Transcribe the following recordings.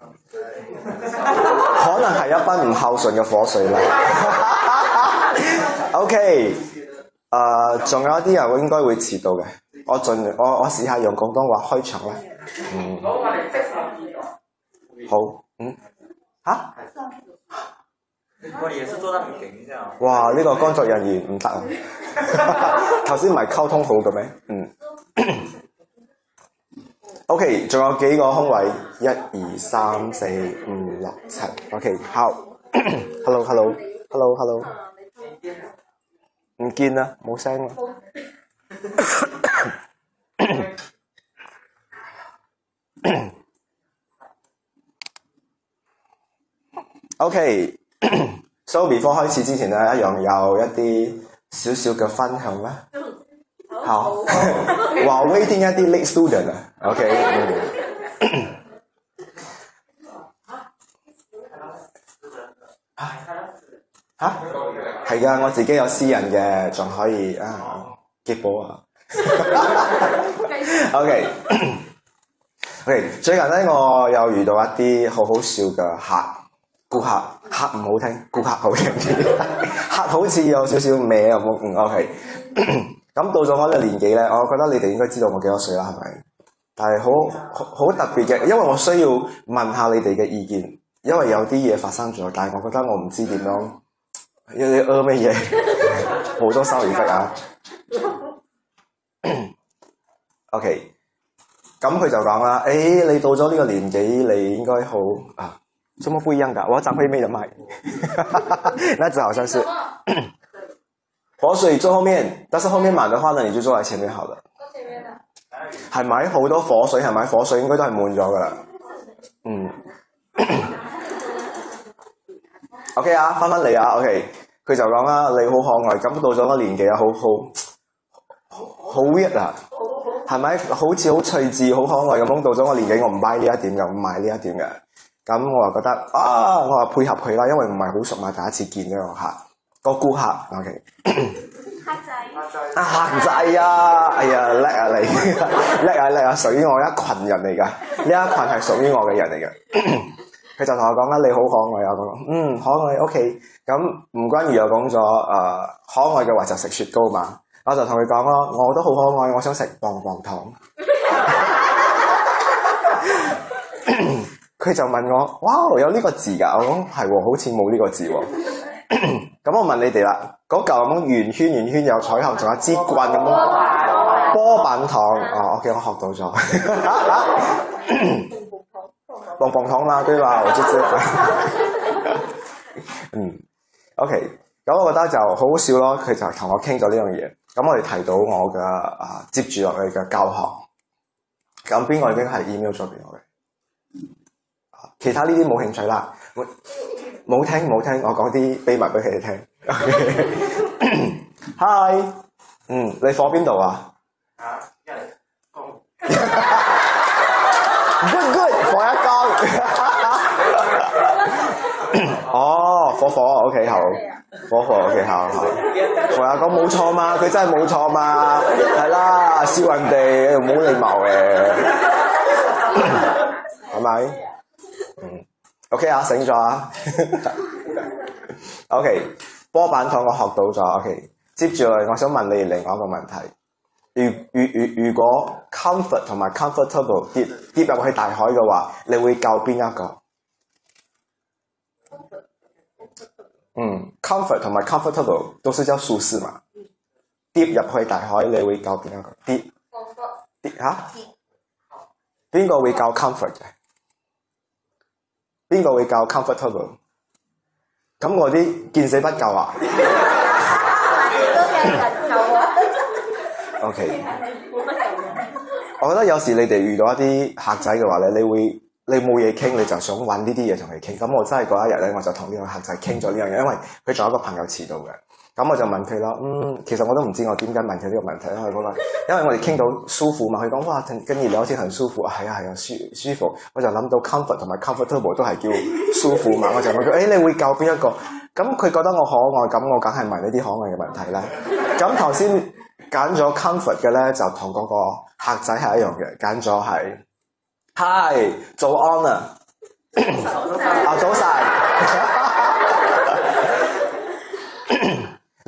可能係一班唔孝順嘅火水啦、 okay, 呃。OK，誒，仲有一啲人應該會遲到嘅。我盡我我試下用廣東話開場啦。嗯。好。嗯。吓、啊？我做得哇！呢、這個工作人員唔得啊。頭先唔係溝通好嘅咩？嗯。 OK，仲有幾個空位，一二三四五六七。OK，好，Hello，Hello，Hello，Hello，唔見啦，冇聲啦。OK，So before 開始之前咧，一樣有一啲小小嘅分享啦。好，話 waiting 一啲 late student 啊，OK。嚇？嚇？係㗎，我自己有私人嘅，仲可以啊，結保啊。OK。OK。最近咧，我又遇到一啲好好笑嘅客，顧客客唔好聽，顧客好聽啲，客好似有少少歪啊，有冇，唔 OK。咁到咗我呢個年紀咧，我覺得你哋應該知道我幾多歲啦，係咪？但係好好特別嘅，因為我需要問下你哋嘅意見，因為有啲嘢發生咗，但係我覺得我唔知點樣，要呃咩嘢？好多收耳骨啊 ！OK，咁佢就講啦，誒、哎，你到咗呢個年紀，你應該好啊。咁啊，唔一樣㗎，我一暫時未有買， 那只好想說。 火水坐後面，但是後面滿的話呢，你就坐喺前面好了。坐前面係咪好多火水，係咪火水，應該都係滿咗噶啦。嗯。O K 啊，翻返嚟啊。O K，佢就講啦，你好可愛，咁到咗個年紀啊，好好好熱啊。係咪好似好趣致、好可愛咁到咗個年紀，我唔買呢一點嘅，唔買呢一點嘅。咁我話覺得啊，我話配合佢啦，因為唔係好熟嘛，第一次見嘅客。個顧客，ok，客仔，啊客仔啊，哎呀，叻啊你，叻啊叻啊，屬於、啊啊啊啊啊啊，我一群人嚟噶，呢 一群係屬於我嘅人嚟㗎。佢 就同我講啦， 你好可愛啊，我講：「嗯，可愛，ok。咁吳君如又講咗，誒、呃，可愛嘅話就食雪糕嘛。我就同佢講囉：「我都好可愛，我想食棒棒糖。佢 就問我，哇，有呢個字噶，我講係，好似冇呢個字。 咁我問你哋啦，嗰嚿咁圓圈圓圈，圈有彩虹，仲有支棍咁，波板糖，我 OK 我學到咗，棒、啊、棒、啊啊、 糖啦，對吧？ 嗯，OK，咁我覺得就好好笑咯，佢就同我傾咗呢樣嘢，咁我哋提到我嘅啊接住落去嘅教學，咁邊個已經係 email 咗俾我其他呢啲冇興趣啦，冇聽冇聽，我講啲秘密俾佢哋聽。Hi，、okay、嗯，你放邊度啊？啊， 火一公，good good，放一缸哦，火火，OK，好，火火，OK，好，好。我阿公冇錯嘛，佢真係冇錯嘛，係啦，人地笑人哋又冇禮貌嘅，係、啊、咪？啊嗯，OK 啊，醒咗啊 ，OK，波板糖我學到咗，OK，接住嚟，我想問你另外一個問題，如如如如果 comfort 同埋 comfortable 跌跌入去大海嘅話，你會救邊一個？嗯，comfort 同埋 comfortable 都係叫舒適嘛，跌入去大海你會救邊一個？跌跌吓？邊、啊、個會救 comfort 嘅？邊個會教 comfortable？咁我啲見死不救啊！OK，我覺得有時你哋遇到一啲客仔嘅話咧，你會你冇嘢傾，你就想搵呢啲嘢同佢傾。咁我真係嗰一日咧，我就同呢個客仔傾咗呢樣嘢，因為佢仲有一個朋友遲到嘅。咁我就問佢啦嗯，其實我都唔知我點解問佢呢個問題佢因為我哋傾到舒服嘛。佢講哇，跟住你好似很舒服，係啊係啊舒舒服。我就諗到 comfort 同埋 comfortable 都係叫舒服嘛。我就問佢，誒、哎、你會教邊一個？咁佢覺得我可愛，咁我梗係問呢啲可愛嘅問題啦。咁頭先揀咗 comfort 嘅咧，就同嗰個客仔係一樣嘅，揀咗係 hi 做 honor, 早安啊，早晨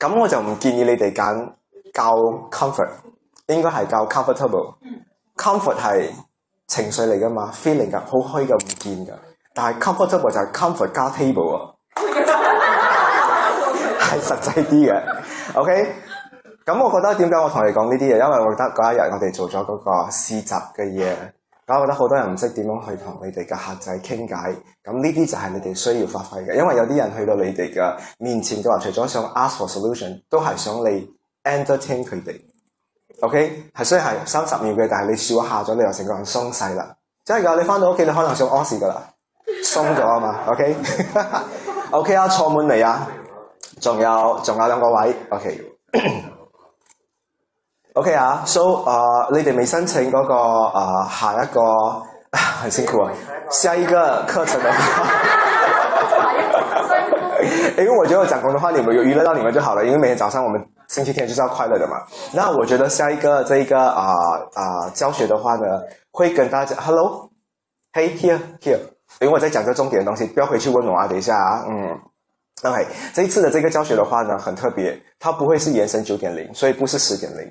咁我就唔建議你哋揀教 comfort，應該係教 comfortable、嗯。comfort 係情緒嚟噶嘛 ，feeling 噶，好虛嘅，唔見噶。但係 comfortable 就係 comfort 加 table 啊，係 實際啲嘅。OK，咁我覺得點解我同你講呢啲嘢，因為我覺得嗰一日我哋做咗嗰個試習嘅嘢。我覺得好多人唔識點樣去同你哋嘅客仔傾偈，咁呢啲就係你哋需要發揮嘅，因為有啲人去到你哋嘅面前嘅話，除咗想 ask for solution，都係想你 entertain 佢哋。OK，係雖然係三十秒嘅，但係你笑下咗你又成個人鬆晒啦。真係噶，你翻到屋企你可能想屙屎噶啦，鬆咗啊嘛。OK，OK、okay? okay，啊，坐滿未啊？仲有仲有兩個位。OK。 OK 啊，so 啊，l a 你哋未申請嗰個啊，下一個，很辛苦啊，哦，下一個課程的話。 因為我覺得我講功的話，你們有娛樂到你們就好了。因為每天早上我們星期天就是要快樂的嘛。那我覺得下一個這一個啊啊，呃呃，教學的話呢，會跟大家 Hello，Hey here here。因為我在講個重點的東西，不要回去問我啊。等一下，啊，嗯，OK，這一次的這個教學的話呢，很特別，它不會是延伸九點零，所以不是十點零。